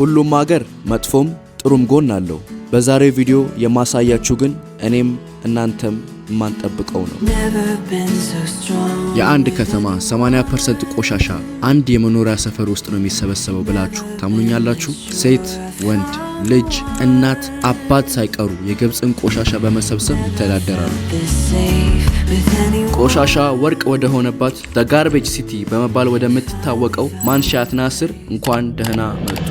ሁሉም ሀገር መጥፎም ጥሩም ጎን አለው። በዛሬው ቪዲዮ የማሳያችሁ ግን እኔም እናንተም የማንጠብቀው ነው። የአንድ ከተማ 80% ቆሻሻ አንድ የመኖሪያ ሰፈር ውስጥ ነው የሚሰበሰበው ብላችሁ ታምኑኛላችሁ? ሴት፣ ወንድ፣ ልጅ፣ እናት፣ አባት ሳይቀሩ የግብፅን ቆሻሻ በመሰብሰብ ይተዳደራሉ። ቆሻሻ ወርቅ ወደ ሆነባት ዘ ጋርቤጅ ሲቲ በመባል ወደምትታወቀው ማንሻት ናስር እንኳን ደህና መጡ።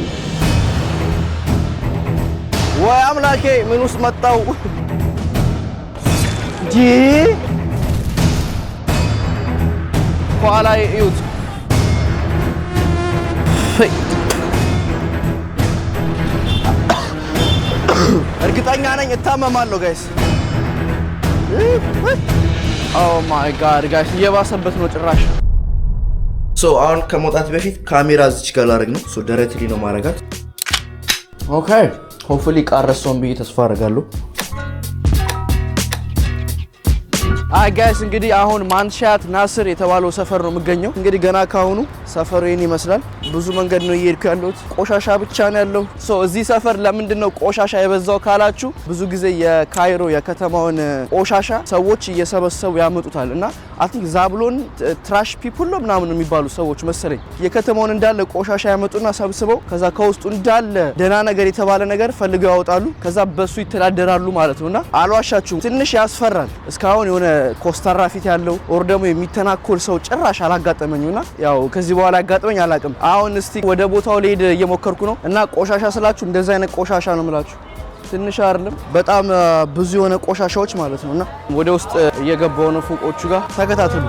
ወይ አምላኬ ምን ውስጥ መጣው እንጂ ከኋላ እዩት። እርግጠኛ ነኝ እታመማለሁ ጋይስ። ኦ ማይ ጋድ ጋይስ እየባሰበት ነው ጭራሽ። ሶ አሁን ከመውጣት በፊት ካሜራ እዚች ጋር ላደርግ ነው። ሶ ደረትሊ ነው ማረጋት ኦኬ ሆፕፉሊ ቃረሰውን ብዬ ተስፋ አደርጋለሁ። አይ ጋይስ እንግዲህ አሁን ማንሻት ናስር የተባለው ሰፈር ነው የምገኘው። እንግዲህ ገና ካሁኑ ሰፈሩ ይህን ይመስላል። ብዙ መንገድ ነው እየሄድኩ ያለሁት። ቆሻሻ ብቻ ነው ያለው። እዚህ ሰፈር ለምንድን ነው ቆሻሻ የበዛው ካላችሁ፣ ብዙ ጊዜ የካይሮ የከተማውን ቆሻሻ ሰዎች እየሰበሰቡ ያመጡታል እና አቲንክ ዛብሎን ትራሽ ፒፕል ነው ምናምን የሚባሉ ሰዎች መሰለኝ የከተማውን እንዳለ ቆሻሻ ያመጡና ሰብስበው ከዛ ከውስጡ እንዳለ ደህና ነገር የተባለ ነገር ፈልገው ያወጣሉ። ከዛ በሱ ይተዳደራሉ ማለት ነው እና አልዋሻችሁም፣ ትንሽ ያስፈራል። እስካሁን የሆነ ኮስታራ ፊት ያለው ኦር ደግሞ የሚተናኮል ሰው ጭራሽ አላጋጠመኝና ያው ከዚህ በኋላ አጋጥመኝ አላውቅም። አሁን እስቲ ወደ ቦታው ልሄድ እየሞከርኩ ነው እና ቆሻሻ ስላችሁ እንደዚህ አይነት ቆሻሻ ነው የምላችሁ ትንሽ አይደለም፣ በጣም ብዙ የሆነ ቆሻሻዎች ማለት ነው። እና ወደ ውስጥ እየገባው ነው ፎቆቹ ጋር ተከታተሉ።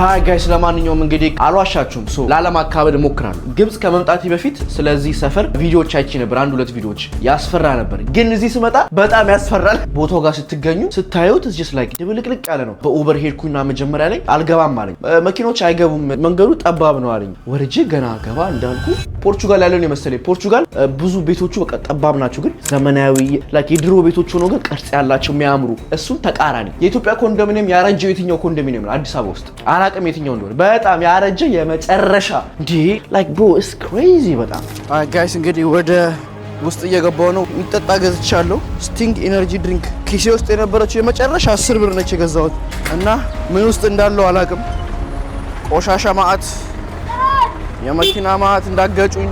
ሀይ ጋይስ፣ ለማንኛውም እንግዲህ አልዋሻችሁም፣ ሶ ላለማካበድ እሞክራለሁ። ግብጽ ከመምጣቴ በፊት ስለዚህ ሰፈር ቪዲዮዎች አይቼ ነበር፣ አንድ ሁለት ቪዲዮዎች ያስፈራ ነበር። ግን እዚህ ስመጣ በጣም ያስፈራል። ቦታው ጋር ስትገኙ ስታዩት እዚህ ላይ ድብልቅልቅ ያለ ነው። በኡበር ሄድኩና መጀመሪያ ላይ አልገባም አለኝ። መኪኖች አይገቡም፣ መንገዱ ጠባብ ነው አለኝ። ወርጄ ገና ገባ እንዳልኩ ፖርቹጋል ያለውን የመሰለኝ ፖርቹጋል ብዙ ቤቶቹ በቃ ጠባብ ናቸው፣ ግን ዘመናዊ ላይክ የድሮ ቤቶች ሆኖ ግን ቅርጽ ያላቸው የሚያምሩ እሱን ተቃራኒ የኢትዮጵያ ኮንዶሚኒየም ያረጀው የትኛው ኮንዶሚኒየም ነው አዲስ አበባ ውስጥ አላቅም የትኛው እንደሆነ በጣም ያረጀ የመጨረሻ እንዲ ላይክ ብሮ ኢትስ ክሬዚ በጣም አይ ጋይስ እንግዲህ ወደ ውስጥ እየገባው ነው። የሚጠጣ ገዝቻለሁ። ስቲንግ ኤነርጂ ድሪንክ ኪሴ ውስጥ የነበረችው የመጨረሻ አስር ብር ነች የገዛሁት እና ምን ውስጥ እንዳለው አላቅም። ቆሻሻ ማአት፣ የመኪና ማአት እንዳገጩኝ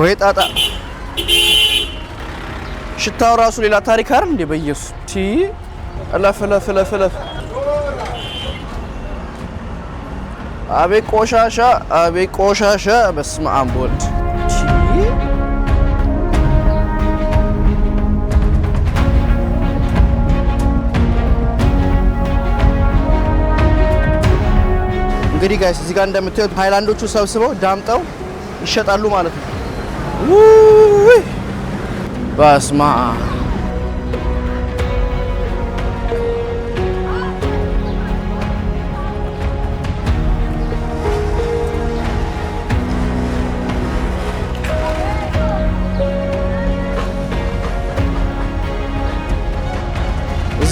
ወይ ጣጣ። ሽታው ራሱ ሌላ ታሪክ አይደል እንዴ? በየሱ ቲ እለፍ እለፍ እለፍ እለፍ አቤት ቆሻሻ፣ አቤት ቆሻሻ። በስመ አብ ወልድ እንግዲህ ጋይስ እዚህ ጋር እንደምታዩት ሃይላንዶቹ ሰብስበው ዳምጠው ይሸጣሉ ማለት ነው። በስመ አብ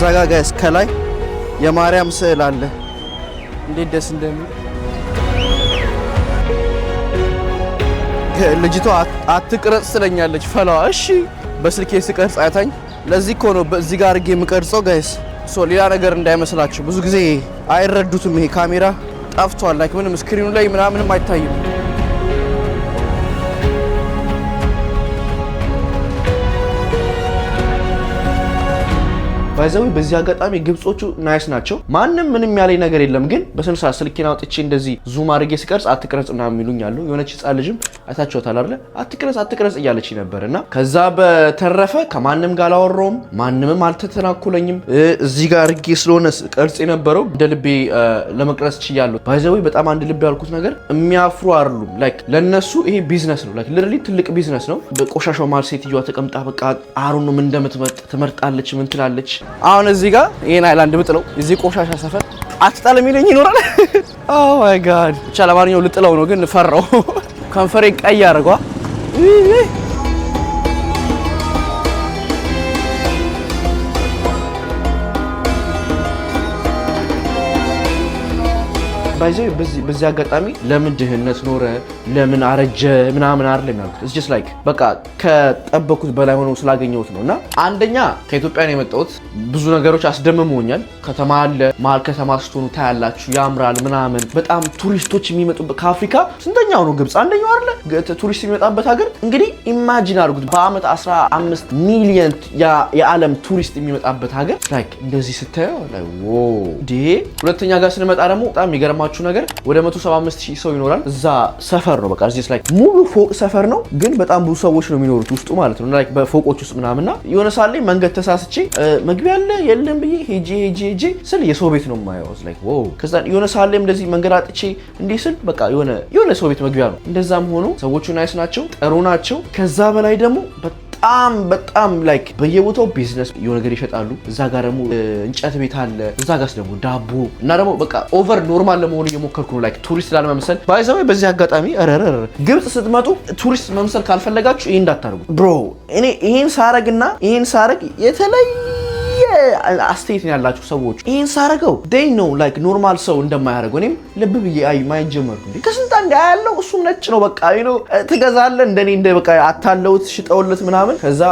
እዛ ጋ ጋ እስከ የማርያም ስዕል አለ። እንዴት ደስ እንደሚል ልጅቷ አትቅረጽ ስለኛለች ፈላዋ። እሺ በስልኬ ስቀርጽ አይታኝ። ለዚህ እኮ ነው በዚህ ጋር አድርጌ የምቀርጸው ጋይስ። ሶ ሌላ ነገር እንዳይመስላችሁ ብዙ ጊዜ አይረዱትም። ይሄ ካሜራ ጠፍቷል። ላይክ ምንም ስክሪኑ ላይ ምናምንም አይታይም። ባይዘዊ በዚህ አጋጣሚ ግብጾቹ ናይስ ናቸው። ማንም ምንም ያለኝ ነገር የለም። ግን በስንሳ ስልኬን አውጥቼ እንደዚህ ዙም አድርጌ ስቀርጽ አትቅረጽ ና የሚሉኝ አሉ። የሆነች ህጻን ልጅም አይታችኋታል አይደለ? አትቅረጽ አትቅረጽ እያለች ነበር። እና ከዛ በተረፈ ከማንም ጋር አላወራውም። ማንምም አልተተናኩለኝም። እዚህ ጋር አድርጌ ስለሆነ ቀርጽ የነበረው እንደ ልቤ ለመቅረጽ ችያለሁ። ባይዘዊ በጣም አንድ ልብ ያልኩት ነገር የሚያፍሩ አይደሉም። ላይክ ለእነሱ ይሄ ቢዝነስ ነው። ላይክ ልርሊ ትልቅ ቢዝነስ ነው። በቆሻሻው መሀል ሴትዮዋ ተቀምጣ በቃ አሩንም እንደምትመርጥ ትመርጣለች፣ ምን ትላለች አሁን እዚህ ጋር ይሄን አይላንድ ብጥለው እዚህ ቆሻሻ ሰፈር አትጣልም ይለኝ ይኖራል። ኦ ማይ ጋድ ብቻ ለማንኛውም ልጥለው ነው ግን ፈራው። ከንፈሬ ቀይ አድርጓ ባይዘ በዚህ አጋጣሚ ለምን ድህነት ኖረ ለምን አረጀ ምናምን አይደለም ያልኩት ኢትስ ላይክ በቃ ከጠበኩት በላይ ሆኖ ስላገኘሁት ነው። እና አንደኛ ከኢትዮጵያ ነው የመጣሁት። ብዙ ነገሮች አስደምሞኛል። ከተማ አለ፣ መሀል ከተማ ስትሆኑ ታያላችሁ፣ ያምራል ምናምን። በጣም ቱሪስቶች የሚመጡበት ከአፍሪካ ስንተኛው ነው ግብፅ አንደኛው አይደለ? ቱሪስት የሚመጣበት ሀገር እንግዲህ ኢማጂን አድርጉት በአመት 15 ሚሊየን የዓለም ቱሪስት የሚመጣበት ሀገር ላይክ እንደዚህ ስታየው ላይ ሁለተኛ ጋር ስንመጣ ደግሞ በጣም የሚገርማ የሚገርማችሁ ነገር ወደ 175000 ሰው ይኖራል። እዛ ሰፈር ነው በቃ እዚህ ላይ ሙሉ ፎቅ ሰፈር ነው፣ ግን በጣም ብዙ ሰዎች ነው የሚኖሩት ውስጡ ማለት ነው ላይክ በፎቆች ውስጥ ምናምንና የሆነ ሰዓት ላይ መንገድ ተሳስቼ መግቢያ አለ የለም ብዬ ሄጂ ሄጂ ሄጂ ስል የሰው ቤት ነው የማየው ላይክ ዋው። ከዛ የሆነ ሰዓት ላይ እንደዚህ መንገድ አጥቼ እንዲህ ስል በቃ የሆነ የሆነ ሰው ቤት መግቢያ ነው። እንደዛም ሆኖ ሰዎቹ ናይስ ናቸው፣ ጥሩ ናቸው። ከዛ በላይ ደግሞ በጣም በጣም ላይክ በየቦታው ቢዝነስ የሆነ ነገር ይሸጣሉ። እዛ ጋር ደግሞ እንጨት ቤት አለ፣ እዛ ጋስ ደግሞ ዳቦ እና ደግሞ በቃ ኦቨር ኖርማል ለመሆኑ እየሞከርኩ ነው፣ ላይክ ቱሪስት ላለመምሰል ባይዘ በዚህ አጋጣሚ ረረረ ግብፅ ስትመጡ ቱሪስት መምሰል ካልፈለጋችሁ ይህ እንዳታደርጉ ብሮ። እኔ ይህን ሳረግና ይህን ሳረግ የተለየ የተለያየ አስተያየት ያላችሁ ሰዎች። ይህን ሳረገው ደይ ነው ላይክ ኖርማል ሰው እንደማያደርገው እኔም ልብ ብዬ አይ ማየት ጀመርኩ። እንዴ ከስንት አንድ ያለው እሱም ነጭ ነው በቃ ነው ትገዛለ እንደኔ እንደ በቃ አታለውት ሽጠውለት ምናምን። ከዛ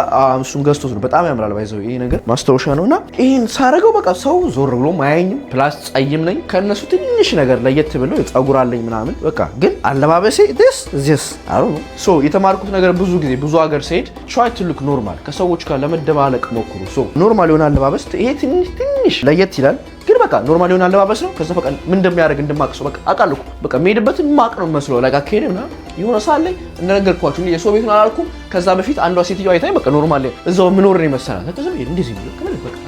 እሱም ገዝቶት ነው በጣም ያምራል። ባይዘው ይሄ ነገር ማስታወሻ ነው እና ይህን ሳረገው በቃ ሰው ዞር ብሎ ማያኝም። ፕላስ ጸይም ነኝ ከእነሱ ትንሽ ነገር ለየት ብለው የጸጉር አለኝ ምናምን በቃ ግን አለባበሴ ስ ስ አሩ ሶ የተማርኩት ነገር ብዙ ጊዜ ብዙ ሀገር ስሄድ ትራይ ቱ ኖርማል ከሰዎች ጋር ለመደባለቅ ሞክሩ ኖርማል ይሆናል አለባበስ ይሄ ትንሽ ትንሽ ለየት ይላል፣ ግን በቃ ኖርማል የሆነ አለባበስ ነው። ከዛ በቃ ምን እንደሚያደርግ እንደማቅሰው በቃ አውቃለሁ። በቃ የሚሄድበት ማቅ ነው መስሎ ላይ ከሄደ ምናምን የሆነ ሰዓት ላይ እንደነገርኳችሁ የሰው ቤቱን አላልኩም። ከዛ በፊት አንዷ ሴትዮ አይታኝ በቃ ኖርማል እዛው የምኖር ነው መሰላት። ከዛ እንደዚህ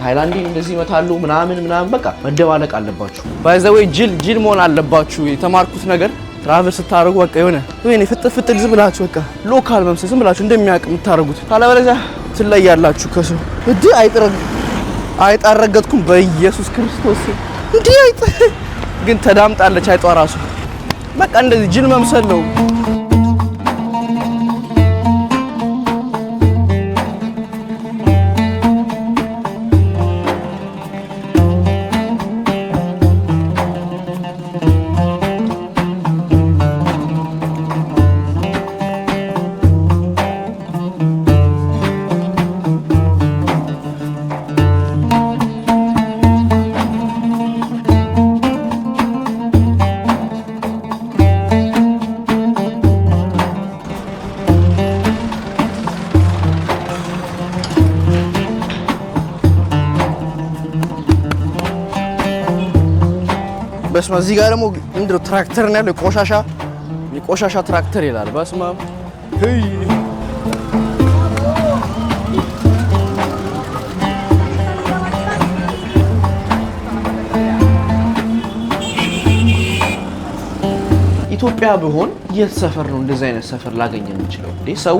ሃይላንዴ እንደዚህ ይመታሉ ምናምን ምናምን በቃ መደባለቅ አለባችሁ። ባይዘወይ ጅል ጅል መሆን አለባችሁ። የተማርኩት ነገር ትራቨል ስታደርጉ በቃ የሆነ ወይኔ ፍጥር ፍጥር ዝም ብላችሁ በቃ ሎካል መምሰል ዝም ብላችሁ እንደሚያውቅ የምታደርጉት ካለበለዚያ ትለያላችሁ ከሰው እድ አይጥረግ አይጥ በኢየሱስ ክርስቶስ። እንዴ አይጥ ግን ተዳምጣለች። አይጧ ራሱ በቃ እንደዚህ ጅን መምሰል ነው። ነው። እዚህ ጋር ደግሞ ምንድን ትራክተር ነው ያለው። የቆሻሻ የቆሻሻ ትራክተር ይላል። በስመ አብ ኢትዮጵያ ብሆን የት ሰፈር ነው እንደዚህ አይነት ሰፈር ላገኘ የምችለው? ሰው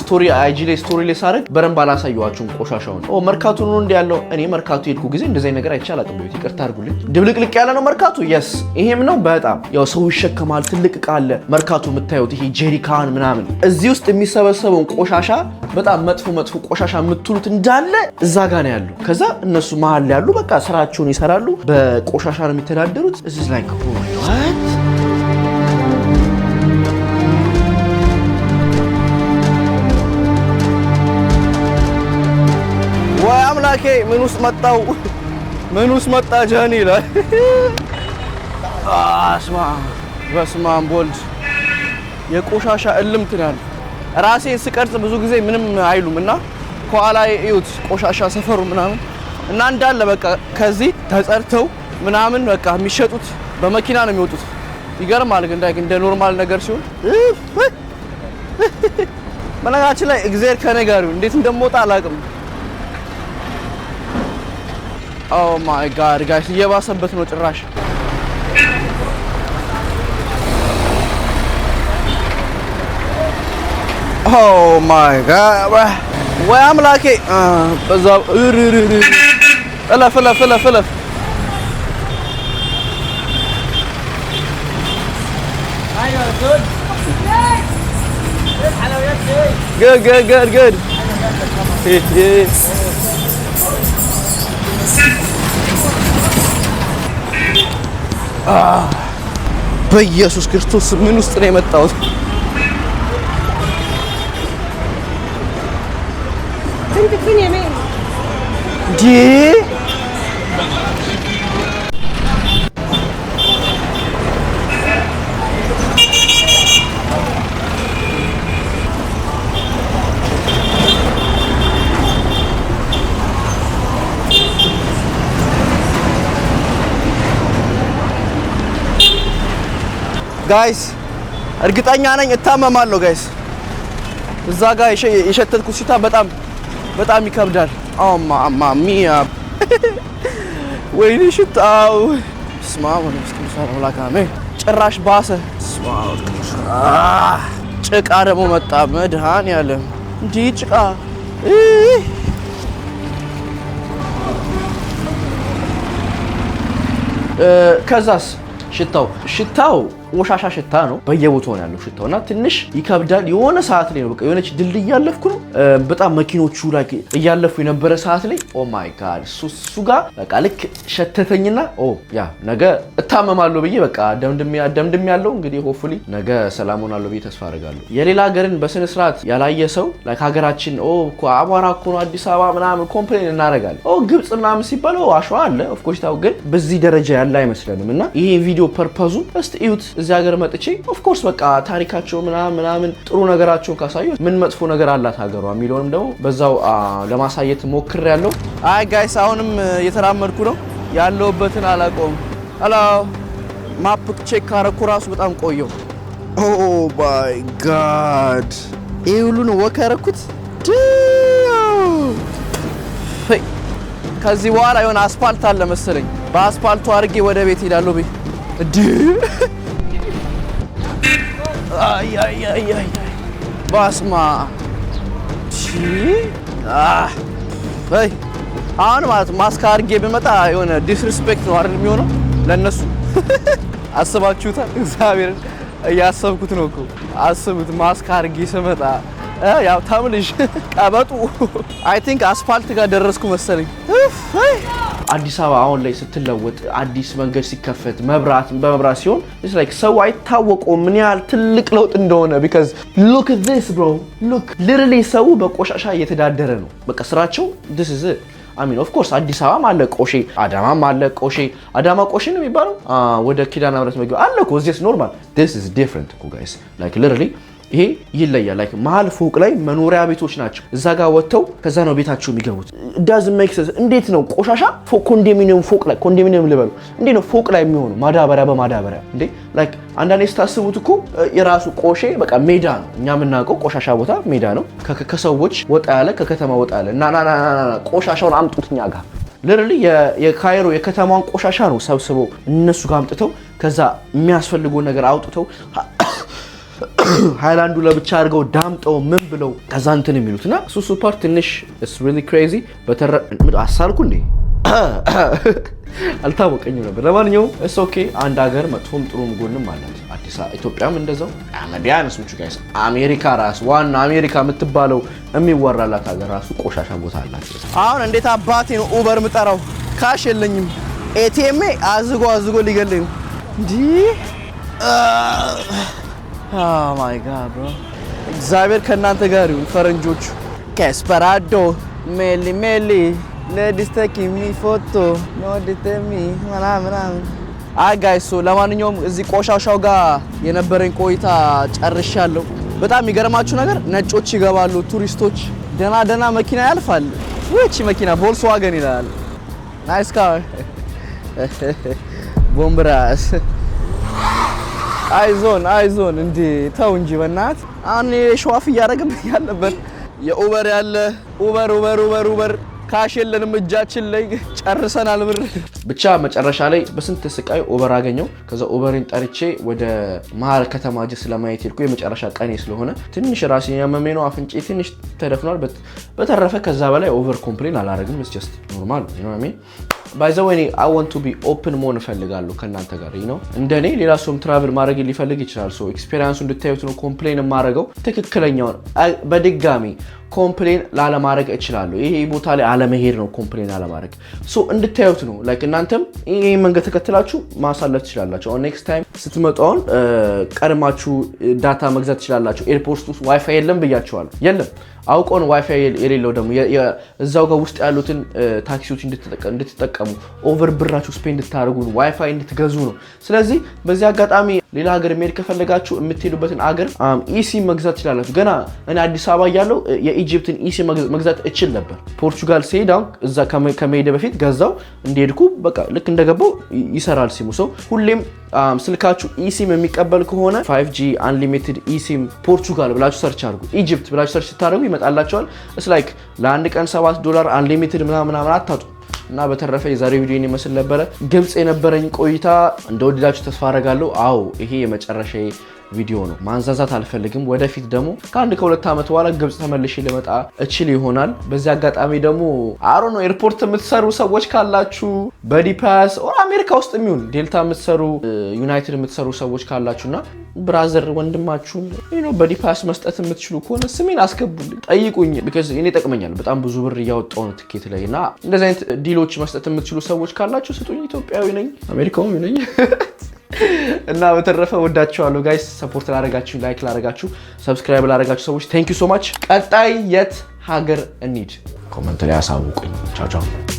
ስቶሪ አይጂ ላይ ስቶሪ ላይ ሳደርግ በረንብ አላሳየኋችሁም ቆሻሻውን። መርካቱ ነው እንዲ ያለው። እኔ መርካቱ ሄድኩ ጊዜ እንደዚህ አይነት ነገር አይቼ አላውቅም። ይቅርታ አድርጉልኝ። ድብልቅልቅ ያለ ነው መርካቱ። የስ ይሄም ነው በጣም ያው ሰው ይሸከማል። ትልቅ እቃ አለ መርካቶ የምታዩት ይሄ ጀሪካን ምናምን። እዚህ ውስጥ የሚሰበሰበውን ቆሻሻ በጣም መጥፎ መጥፎ ቆሻሻ የምትሉት እንዳለ እዛ ጋ ነው ያሉ። ከዛ እነሱ መሀል ያሉ በቃ ስራቸውን ይሰራሉ፣ በቆሻሻ ነው የሚተዳደሩት። እዚህ ላይ ነው። ወይ አምላኬ ምን ውስጥ መጣው? ምን ውስጥ መጣ ጀኒ ይላል። አስማ በስመ ወልድ የቆሻሻ እልምት ናል። ራሴን ስቀርጽ ብዙ ጊዜ ምንም አይሉም እና ከኋላ እዩት ቆሻሻ ሰፈሩ ምናምን እና እንዳለ በቃ ከዚህ ተጸድተው ምናምን በቃ የሚሸጡት በመኪና ነው የሚወጡት። ይገርማል ግን እንደ ኖርማል ነገር ሲሆን በነገራችን ላይ እግዚአብሔር ከኔ እንዴት እንደምወጣ አላውቅም። ኦ ማይ ጋድ ጋይስ እየባሰበት ነው ጭራሽ። ኦ ማይ ጋድ ወይ አምላኬ! በዛ እለፍ እለፍ እለፍ እለፍ good good good good Ah, para Jesus que estou a no cinema tal. Tem que ter mesmo. De... ጋይስ እርግጠኛ ነኝ እታመማለሁ። ጋይስ እዛ ጋር የሸተትኩት ሽታ በጣም በጣም ይከብዳል። ሚያ ወይኔ ሽታው ስማ ጭራሽ ባሰ። ጭቃ ደግሞ መጣ። መድሃን ያለ እንዲህ ጭቃ ከዛስ ሽታው ሽታው ቆሻሻ ሽታ ነው። በየቦታው ነው ያለው ሽታው እና ትንሽ ይከብዳል። የሆነ ሰዓት ላይ ነው በቃ የሆነች ድልድይ እያለፍኩ ነው በጣም መኪኖቹ ላይ እያለፉ የነበረ ሰዓት ላይ ኦ ማይ ጋድ እሱ ጋር በቃ ልክ ሸተተኝና ኦ ያ ነገ እታመማለሁ ብዬ በቃ ደምድም ያለው እንግዲህ ሆፉሊ ነገ ሰላም ሆናለሁ ብዬ ተስፋ አደርጋለሁ። የሌላ ሀገርን በስነ ስርዓት ያላየ ሰው ሀገራችን ኦ አቧራ እኮ ነው አዲስ አበባ ምናምን ኮምፕሌን እናደርጋለን። ኦ ግብጽ ምናምን ሲባል አሸዋ አለ ኦፍኮርስ ታው ግን በዚህ ደረጃ ያለ አይመስለንም እና ይሄ ቪዲዮ ፐርፐዙ እስቲ እዩት። እዚህ ሀገር መጥቼ ኦፍኮርስ በቃ ታሪካቸው ምናምን ምናምን ጥሩ ነገራቸውን ካሳዩ ምን መጥፎ ነገር አላት ሀገሯ የሚለውንም ደግሞ በዛው ለማሳየት ሞክር ያለው። አይ ጋይስ አሁንም እየተራመድኩ ነው ያለውበትን አላቆም አላ ማፕ ቼክ ካረኩ ራሱ በጣም ቆየው። ኦ ማይ ጋድ ይህ ሁሉን ወከረኩት። ከዚህ በኋላ የሆነ አስፓልት አለ መሰለኝ። በአስፓልቱ አድርጌ ወደ ቤት ሄዳለሁ። ቤ አይ አይ አይ አይ ባስማ እሺ አህ አይ አሁን ማለት ማስካ አድርጌ ብመጣ የሆነ ዲስሪስፔክት ነው አይደል የሚሆነው ለነሱ አስባችሁታል እግዚአብሔርን እያሰብኩት ነው እኮ አስቡት ማስካ አድርጌ ስመጣ ያው ታምልሽ ቀበጡ አይ ቲንክ አስፋልት ጋር ደረስኩ መሰለኝ አዲስ አበባ አሁን ላይ ስትለወጥ አዲስ መንገድ ሲከፈት መብራት በመብራት ሲሆን ኢትስ ላይክ ሰው አይታወቀው ምን ያህል ትልቅ ለውጥ እንደሆነ ቢካዝ ሉክ ዚስ ብሮ ሉክ ሊትራሊ ሰው በቆሻሻ እየተዳደረ ነው። በቃ ስራቸው ዚስ ኢዝ አሚን ኦፍ ኮርስ አዲስ አበባም አለ ቆሼ፣ አዳማም አለ ቆሼ። አዳማ ቆሼ ነው የሚባለው ወደ ኪዳነ ምሕረት መግቢያ አለ እኮ ኖርማል ዲስ ኢዝ ዲፍረንት እኮ ጋይስ ላይክ ሊትራሊ ይሄ ይለያል። ላይክ መሀል ፎቅ ላይ መኖሪያ ቤቶች ናቸው። እዛ ጋር ወጥተው ከዛ ነው ቤታቸው የሚገቡት። ዳዝ ሜክ እንዴት ነው ቆሻሻ ኮንዶሚኒየም ፎቅ ላይ ኮንዶሚኒየም ልበሉ እንዴ ነው ፎቅ ላይ የሚሆኑ ማዳበሪያ በማዳበሪያ እንዴ? ላይክ አንዳንዴ ስታስቡት እኮ የራሱ ቆሼ በቃ ሜዳ ነው። እኛ የምናውቀው ቆሻሻ ቦታ ሜዳ ነው። ከሰዎች ወጣ ያለ ከከተማ ወጣ ያለ እና ቆሻሻውን አምጡት እኛ ጋር ለርሊ የካይሮ የከተማውን ቆሻሻ ነው ሰብስበው እነሱ ጋር አምጥተው ከዛ የሚያስፈልጉ ነገር አውጥተው ሃይላንዱ ለብቻ አድርገው ዳምጠው ምን ብለው ከዛ እንትን የሚሉት እና እሱ ሱፐር ትንሽ ክሬዚ አሳልኩ እንዴ አልታወቀኝም ነበር። ለማንኛውም እስ ኦኬ አንድ ሀገር መጥፎም ጥሩም ጎንም አላት። አዲስ ኢትዮጵያም እንደዛው አመዲያንስ ምቹ ጋይስ አሜሪካ ራስ ዋና አሜሪካ የምትባለው የሚወራላት ሀገር ራሱ ቆሻሻ ቦታ አላት። አሁን እንዴት አባቴ ነው ኡበር ምጠራው? ካሽ የለኝም። ኤቲኤሜ አዝጎ አዝጎ ሊገለኝ እንዲህ ማይ ጋድ ብሮ እግዚአብሔር ከእናንተ ጋር ይሁን። ፈረንጆቹ ከስፐራዶ ሜሊ ሜሊ ለዲስተኪሚ ፎቶ ኖዲተሚ ምናምናምን አይ ጋይስ ለማንኛውም እዚህ ቆሻሻው ጋር የነበረኝ ቆይታ ጨርሻለሁ። በጣም የሚገርማችሁ ነገር ነጮች ይገባሉ፣ ቱሪስቶች ደና ደና መኪና ያልፋል። ይቺ መኪና ቮልስዋገን ይላል። ናይስ ካር ቦምብራስ አይዞን አይዞን፣ እንዴ ተው እንጂ በእናት አሁን ሸዋፍ እያደረግብኝ ያለበት የኡበር ያለ ኡበር ኡበር ኡበር ኡበር ካሽ የለንም እጃችን ላይ ጨርሰናል ብር። ብቻ መጨረሻ ላይ በስንት ስቃይ ኡበር አገኘው። ከዛ ኡበሬን ጠርቼ ወደ መሀል ከተማ ጀስ ለማየት ሄድኩ። የመጨረሻ ቀኔ ስለሆነ ትንሽ ራሴ ያመሜ ነው፣ አፍንጬ ትንሽ ተደፍኗል። በተረፈ ከዛ በላይ ኦቨር ኮምፕሌን አላደርግም። ስ ጀስት ኖርማል ባይ ዘ ወይ አይ ዋንት ቱ ቢ ኦፕን መሆን እፈልጋለሁ ከእናንተ ጋር ነው። እንደ እኔ ሌላ ሰውም ትራቭል ማድረግ ሊፈልግ ይችላል። ሶ ኤክስፔሪንሱ እንድታዩት ነው ኮምፕሌን የማደርገው ትክክለኛውን በድጋሚ ኮምፕሌን ላለማድረግ እችላለሁ። ይሄ ቦታ ላይ አለመሄድ ነው ኮምፕሌን ላለማድረግ። ሶ እንድታዩት ነው። ላይክ እናንተም ይሄ መንገድ ተከትላችሁ ማሳለፍ ትችላላችሁ። አሁን ኔክስት ታይም ስትመጣውን ቀድማችሁ ዳታ መግዛት ትችላላችሁ። ኤርፖርት ውስጥ ዋይፋይ የለም ብያችኋለሁ። የለም አውቀውን ዋይፋይ የሌለው ደግሞ እዛው ጋር ውስጥ ያሉትን ታክሲዎች እንድትጠቀሙ ኦቨር ብራችሁ ስፔ እንድታደርጉ ዋይፋይ እንድትገዙ ነው። ስለዚህ በዚህ አጋጣሚ ሌላ ሀገር መሄድ ከፈለጋችሁ የምትሄዱበትን ሀገር ኢሲ መግዛት ትችላላችሁ። ገና እኔ አዲስ አበባ እያለሁ የኢጅፕትን ኢሲ መግዛት እችል ነበር። ፖርቹጋል ሲሄድ አሁን እዛ ከመሄደ በፊት ገዛው እንደሄድኩ በቃ ልክ እንደገባው ይሰራል ሲሙ ሰው ሁሌም ስልካችሁ ኢሲም የሚቀበል ከሆነ 5ጂ አንሊሚትድ ኢሲም ፖርቹጋል ብላችሁ ሰርች አድርጉ፣ ኢጅፕት ብላችሁ ሰርች ስታደርጉ ይመጣላቸዋል። ስላይክ ለአንድ ቀን ሰባት ዶላር አንሊሚትድ ምናምናምን አታጡ እና በተረፈ የዛሬ ቪዲዮን ይመስል ነበረ። ግብፅ የነበረኝ ቆይታ እንደወደዳችሁ ተስፋ አረጋለሁ። አዎ ይሄ የመጨረሻ ቪዲዮ ነው። ማንዛዛት አልፈልግም። ወደፊት ደግሞ ከአንድ ከሁለት ዓመት በኋላ ግብፅ ተመልሼ ልመጣ እችል ይሆናል። በዚህ አጋጣሚ ደግሞ አሮ ነው ኤርፖርት የምትሰሩ ሰዎች ካላችሁ በዲፓስ ኦር አሜሪካ ውስጥ የሚሆን ዴልታ የምትሰሩ ዩናይትድ የምትሰሩ ሰዎች ካላችሁና ብራዘር ወንድማችሁን ነው በዲፓስ መስጠት የምትችሉ ከሆነ ስሜን አስገቡልኝ፣ ጠይቁኝ። ቢኮዝ እኔ ጠቅመኛል በጣም ብዙ ብር እያወጣሁ ነው ትኬት ላይ እና እንደዚህ አይነት ዲሎች መስጠት የምትችሉ ሰዎች ካላችሁ ስጡኝ። ኢትዮጵያዊ ነኝ፣ አሜሪካዊ ነኝ። እና በተረፈ ወዳችኋለሁ ጋይስ። ሰፖርት ላረጋችሁ፣ ላይክ ላረጋችሁ፣ ሰብስክራይብ ላረጋችሁ ሰዎች ቴንክ ዩ ሶ ማች። ቀጣይ የት ሀገር እንሂድ ኮመንት ላይ አሳውቁኝ። ቻው ቻው።